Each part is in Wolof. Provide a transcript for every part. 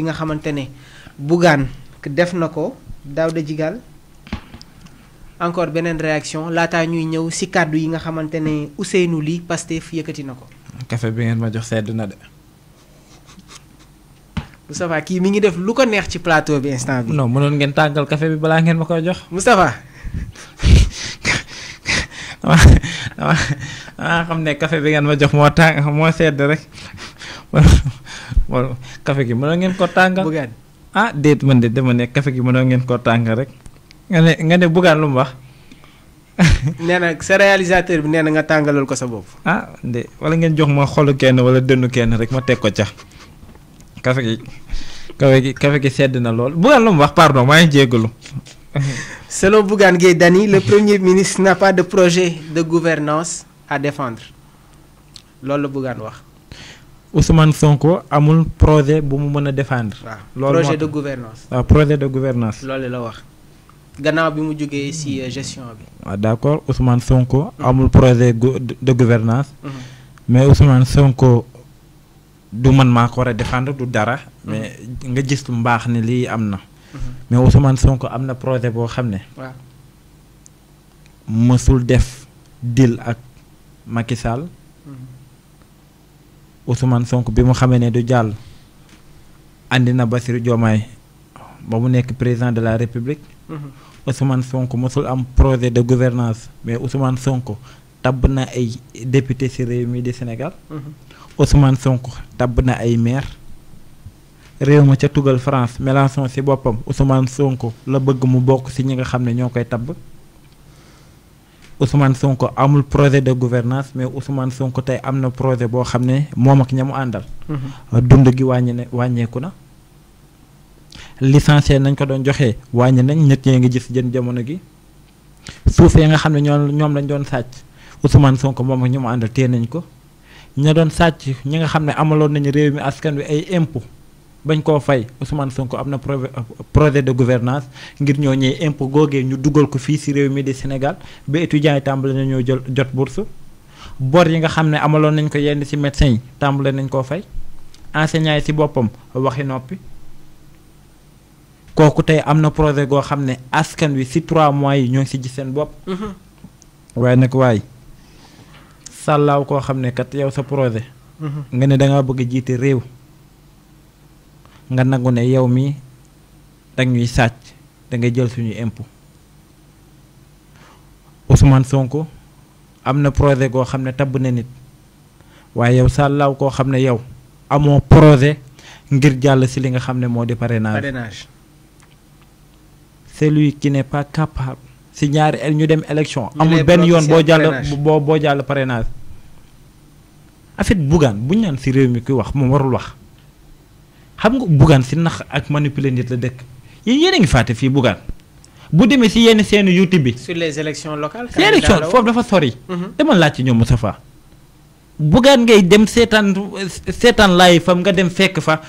bi nga xamante ne ke def nako dawda jigal encore benen réaction ta ñuy ñew ci cadeau yi nga xamantene ne Ousseynou Ly Pastef yëkëti nako café bi ngeen ma jox sedd na de. Moustapha kii mi ngi def lu ko neex ci plateau bi instant bi. non mënon ngeen tangal café bi bala ngeen ma koy jox. Moustapha. dama xam café bi ngeen ma jox moo tàng moo sedd rek wal kafe gimana ngin kotangga bukan ah date men date men ya. kafe gimana ngin kotangga rek ngane ngane bukan lu mbah nee na sa réalisateur bi nee na nga tàngalal ko sa bopp ah de wala ngeen jox ma xolu kenn wala dënnu kenn rek ma teg ko ca kafe gi kafe gi kafe gi sedd na lool bugan lu mu wax pardon maa ngi jégalu selon Bougane Dani, le premier ministre n'a pas de projet de gouvernance à défendre Lolo la Bougane Ousmane Sonko amul projet bu mu mën défendre. waaw projet de gouvernance projet de gouvernance loolu la wax gannaaw bi mu jógee ci euh, gestion bi. waaw d'accord Ousmane Sonko. Mhm. amul projet de gouvernance mhm. mais Ousmane Sonko du man maa ko war a défendre du dara. mais mhm. nga gis mbaax ne lii am na. mais Ousmane Sonko am na projet boo xam ne. waaw mësul def deal ak Macky Sall. Ousmane Sonko bi mu xamee du jàll andina Basir Diomaye ba mu nek président de la république. Mhm. Ousmane Sonko musul am projet de gouvernance mais Ousmane Sonko tabna ay député ci réew mi di Sénégal. Mhm. Ousmane Sonko tabna ay maire réew ma ca tugal France Mélenchon ci bopam Ousmane Sonko la bëgg mu bok ci ñinga xamné ñokay tab Ousmane Sonko amul projet de gouvernance mais Ousmane Sonko tey am na projet boo xam ne moom ak ñamu àndal. Mhm. dund gi wàññi ne wàññeeku na. licencié nañ ko doon joxe wàññi nañ ñett ñee ngi gis jën jamono gi suuf yi nga xam ne ñoom ñoom lañ doon sàcc Ousmane Sonko moom ak ñamu àndal téye nañ ko ña doon sàcc ñi nga xam ne amaloon nañu réew mi askan wi ay impôts. bañ koo fay Ousmane ko am na projet de gouvernance ngir ñoo ñëwee impôt googee ñu dugal ko fii si réew mi di Sénégal ba étudiants yi tàmbale na ñoo jël jot bourse bor yi nga xam ne amaloon nañ ko yenn si médecins yi tàmbale nañ koo fay enseignants yi si boppam waxi noppi kooku tey am na projet goo xam ne askan wi si trois mois yi ñoo ngi si ji seen bopp mm-hmm. waaye nag waay sàllaaw koo xam ne kat yow sa projet mm-hmm. nga ne da ngaa jiite réew nga nangu ne yow mi danga ñuy sàcc da ngay jël suñu impôt Ousmane Sonko am na projet goo xam ne tabb na nit waaye yow sàllaaw koo xam ne yow amoo projet ngir jàll si li nga xam ne moo di parrainage celui qui n'est pas capable si ñaari ñu dem élection amul benn yoon boo jàll boo boo jàll parrainage en fait Bougane bu ñu si réew mi kuy wax moom warul wax xam nga Bougane si nax ak manipuler nit la dëkk yéen yéen a ngi fàtte fii Bougane bu demee si yenn seen YouTube bi. sur les élections locales. si élection foofu dafa sori. Mhm. dama laaj ci ñoom Moustapha Bougane ngay dem seetaan seetaan laay fam nga dem fekk fa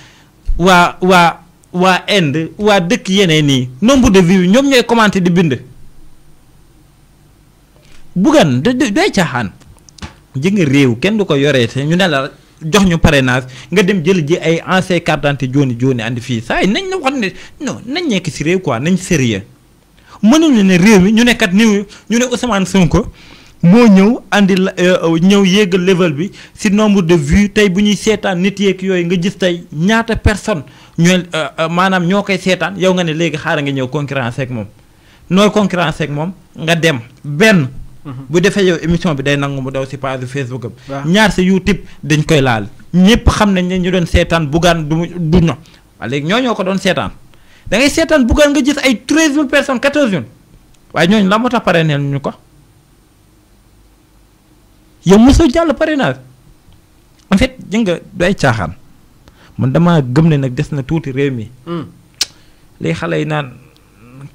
waa waa waa Inde waa dëkk yeneen yi nombre de vues ñoom ñooy commenté di bind. Bougane day caaxaan. jënga réew kenn du ko yoree te ñu ne la jox ñu pare parrainage nga dem jël ji ay ancien carte d'identité jooni jooni andi fii saa nañ la wax ne non nañ nekk si réew quoi nañ sérieux mënuñu ne réew mi ñu ne kat néew ñu ne Ousmane Sonko moo ñëw andi la euh, euh, ñëw yéegal level bi si nombre de vues tey bu ñuy seetaan nit yeeg yooyu nga gis tey ñaata personne ñooy euh, maanaam ñoo koy seetaan yow nga ne léegi xaaral nga ñëw concurrence ak moom nooy concurrence ak moom nga dem benn. bu defee yow émission bi day nangu mu daw si page Facebook am. ñaar si YouTube dañ koy laal. ñëpp xam nañ ne ñu doon seetaan bugaan du du ño léegi ñoo ñoo ko doon seetaan da ngay seetaan bugaan nga gis ay treize mille personnes quatorze mille waaye ñooñu la moo tax pare neen ñu ko yow mosoo jàll parrainage en fait ji nga du ay caaxaan man damaa gëm ne nag des na tuuti réew mi. Hmm. li xale yi naan.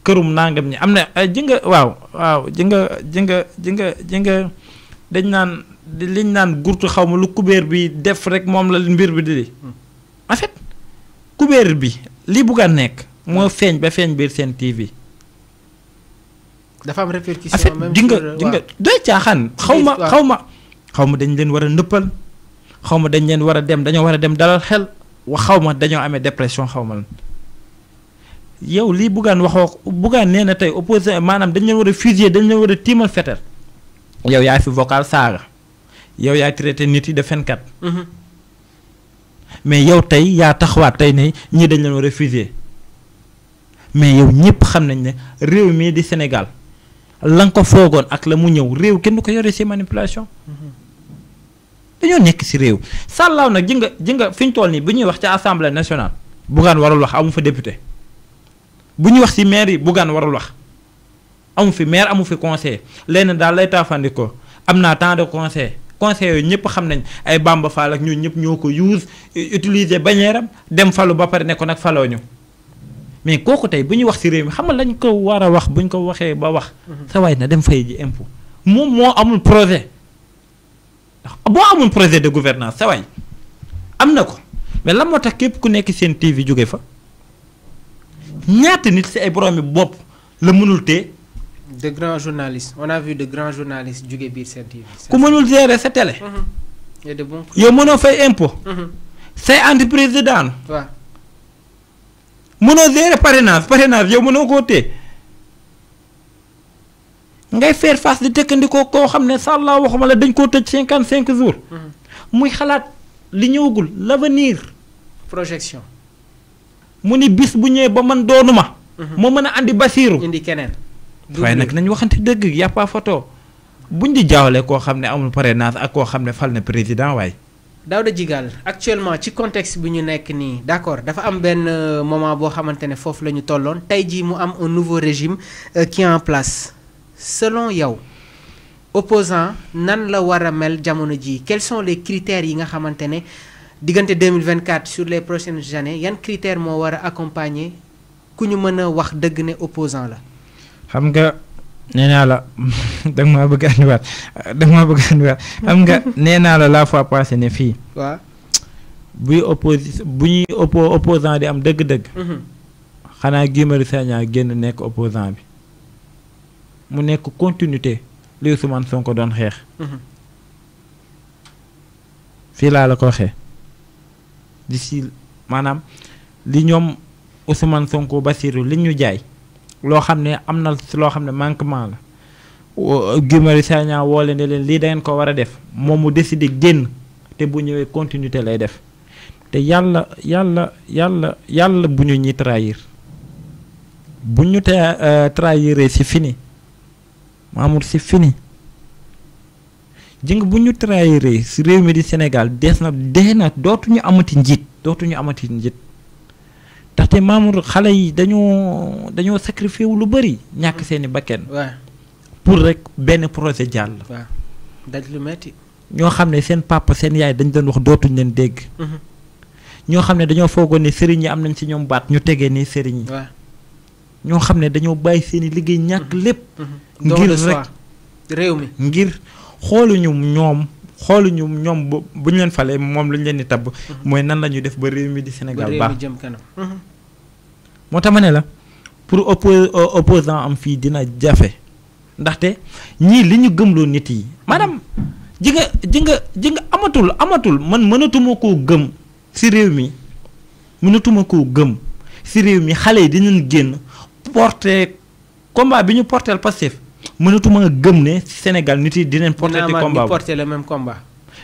kërum nangam ni am na eh, ji nga waaw waaw ji nga ji nga dañ naan liñ naan gurtu xaw ma lu kubéer bi def rek moom la mbir bi di afet hmm. fait kubéer bi li bugg nekk moo hmm. feeñ ba feeñ biir seen TV. dafa am répercussion même di nga di nga doy caaxaan xaw ma xaw ma xaw ma dañ leen war a nëppal xaw ma dañ leen war a dem dañoo war a dem dalal xel wa xaw ma dañoo amee dépression xaw ma yow lii buggaan waxoo buggaan nee na tey opposé maanaam dañ leen war a fusiller dañ leen war a tiimal fetal yow yaay fi vocal saaga yow yaay traité nit yi de fenkat mhm. mais yow tey yaa taxawaat tey ne ñi dañ leen war a fusiller mais yow ñëpp xam nañ ne réew mii di Sénégal la ko foogoon ak la mu ñëw réew kenn du ko yore ci manipulation mhm. dañoo nekk ci réew sàllaaw nag ji nga ji nga fi ñu toll nii bu ñuy wax ci assemblée nationale buggaan warul wax amu fa député bu ñu wax ci maire yi Bougane warul wax amu fi mair amu fi conseil lenn daal lay taafandikoo am naa temps de conseil conseil yooyu ñëpp xam nañ ay Bamba Fall ak ñooñu ñëpp ñoo ko use utiliser bañeeram dem falu ba pare ne nag faloo ñu mais kooku tey bu ñuy wax ci réew mi xam nga lañ ko war a wax bu ko waxee ba wax. Mhm. sa waay na dem fay ji impôt moom moo amul projet ndax boo amul projet de gouvernance sa am na ko mais lan moo tax képp ku nekk seen TV jóge fa. ñaata nit ci ay bop le mënul de grands journalistes on a vu de grands journalistes du biir seen TV. ku mënul gérer sa télé. Mm-hmm. y a de bons yo fay impôt. des mm-hmm. entreprise anti président gérer parrainage parrainage yo des ngay faire face di ko ne waxuma la dañ koo tëj 55 jours. Mm-hmm. muy li projection bis bu ñëwee ba man doonuma mhm. a andi indi keneen. nañ waxante a pas photo ak fal président actuellement ci contexte nekk d'accord dafa am benn euh, moment boo xamante ne foofu la mu am un nouveau régime euh, qui est en place selon yow opposant nan la war mel jamono jii quels sont les critères yi nga xamante diggante 2024 sur les prochaines années yan critères moo war a accompagner ku ñu mën wax deug né opposant la. xam nga nee la dag ma maa bëgg a andiwaat da nga bëgg xam nga nee la la fois passée ne fi. Wa, buy opposi bu ñuy oppo opposant di am deug deug xana Guy Marius Sagna nek opposant bi mu nekk continuité li Ousmane Sonko don xex mhm. fii laa la ko waxee. di maanaam li ñoom Ousmane Sonko Bassirou li ñu jaay loo xam ne am na loo xam ne manquement la Guy Marius Sagna woo leen ne leen lii dangeen ko war a def moom mu décidé génn te bu ñëwee continuité lay def te yàlla yàlla yàlla yàlla bu ñu ñi trahir bu ñu te euh, trahiré si fini Mamour si fini jëng bu ñu trahiré si réew mi di Sénégal des na dee na dootuñu amati njiit dootuñu amati njiit ndaxte Mamour xale yi dañoo dañoo sacrifié wu lu bëri ñàkk seeni bakken pour rek benn projet jàll. daj lu ñoo xam ne seen papa seen yaay dañ doon wax dootuñ leen dégg. Mhm. ñoo xam ne dañoo foogoon ne sëriñ yi am nañ si ñoom baat ñu tegee nii sëriñ yi. ñoo xam ne dañoo bàyyi seeni liggéey ñàkk mhm. lépp. Mhm. ngir rek ngir. xooluñu ñoom xooluñu ñoom bu ñu leen fale moom lu ñu leen di tabb. Mhm. mooy nan la ñuy def ba réew mi di Sénégal baax jëm kanam. Mhm. moo tax ma ne la pour oppo euh, opposant am fii dina jafe ndaxte ñii li ñu loo nit yi maanaam ji nga jëng amatul amatul man mënatuma ko gëm si réew mi mënatuma ko gëm si réew mi xale yi dinañ génn porté combat bi ñu porteel passif mënatuma gëm ne Sénégal nit yi dinañ porter combat porter le même combat.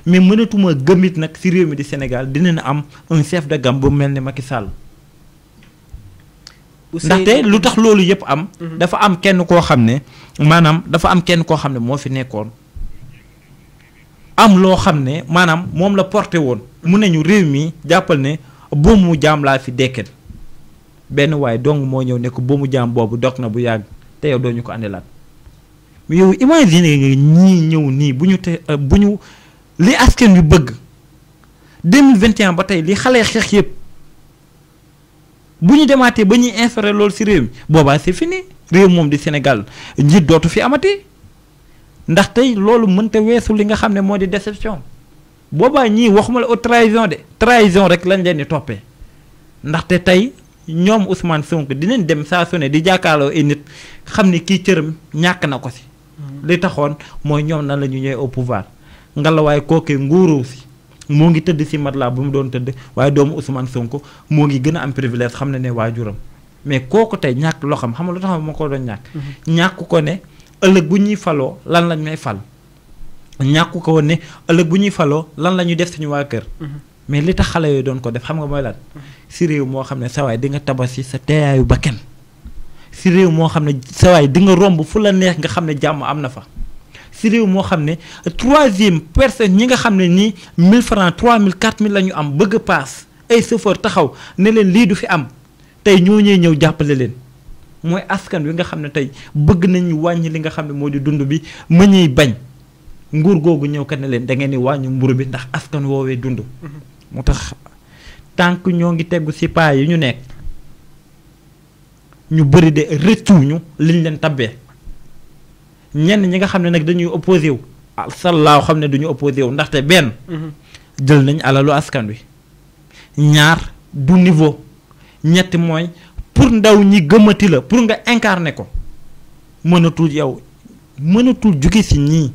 mais mënatuma gëm it nag si réew mi di Sénégal dinañ am un chef de gam bu mel ni Macky Sall. ndaxte lu tax loolu yëpp am. Mhm. dafa am kenn koo xam ne maanaam dafa am kenn koo xam ne moo fi nekkoon. am loo xam ne maanaam moom la porté woon mu ne ñu réew mi jàppal ne buum mu jaam laa fi dekket benn waaye dong moo ñëw nekk ko mu jaam boobu dog na bu yàgg te yow doo ñu ko andilaat. mais yow imaginer nga ñii ñëw nii bu ñu te euh, bu ñu li askan yu bëgg 2021 ba tey li xale xeex yëpp bu ñu demaatee ba ñuy instauré loolu ci réew mi boobaa fi nii réew moom di Sénégal njiit dootu fi amati ndax tey loolu mënta weesu li nga xam ne moo di déception boobaa ñii waxuma la au trahison de trahison rek lañ leen di toppee ndaxte tey ñoom Ousmane Sonko dinañ dem saa su di jàkkaarloo ay nit xam ne kii cëram ñàkk na ko si li taxoon mooy ñoom nan la ñu ñëwee au pouvoir ngalawaay kookee nguuru si moo ngi tëdd si matelas bu mu doon tëdd waaye doomu Ousmane Sonko moo ngi gën a am privilège xam na ne waajuram mais kooku tey ñàkk loo xam xam nga lu tax ma ko doon ñàkk. Mm-hmm. ñàkk ko ne ëllëg bu ñuy faloo lan lañ may fal. ñàkk ko woon ne ëllëg bu ñuy la ñuy def suñu waa kër. Mm-hmm. mais li tax xale yooyu doon ko def xam nga mooy lan. Mm-hmm. si réew moo xam ne sa waay di sa teeyaayu ba kenn si réew moo xam ne sa waay di nga romb fu la neex nga xam ne jàmm am na fa si réew moo xam ne troisième personne ñi nga xam ne nii 1000 francs 3000 4000 la ñu am bëgg a paas ay chauffeur taxaw ne leen lii du fi am tey ñoo ñee ñëw jàppale leen mooy askan wi nga xam ne tey bëgg nañu wàññi li nga xam ne moo di dund bi ma ñuy bañ nguur googu ñëw kat ne leen da ngeen di wàññi mburu bi ndax askan woowee dund. Mm-hmm. moo tax tànk ñoo ngi tegu si paa ñu nekk. ñu bëri de rëccuñu liñ leen tabbee ñenn ñi nga xam ne nag dañuy opposé wu ah, sallaaw xam ne duñu opposé wu ndaxte benn mhm. jël nañ alalu askan wi ñaar du niveau ñetti mooy pour ndaw ñi gëmati la pour nga incarné ko mënatul yow mënatul jóge ci ñii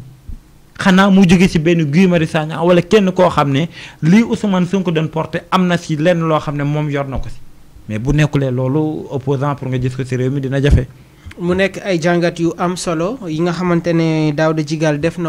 xanaa mu jóge ci benn Guy Marius Sagna walla kenn koo xam ne lii Ousmane Sonko doon porté am na ci lenn loo xam ne moom yor na ko ci mais bu nekkulee loolu opposant pour nga gis ko ci réew mi dina jafe. mu nekk ay jàngat yu am solo yi nga xamante ne daaw Daouda Djigal def na.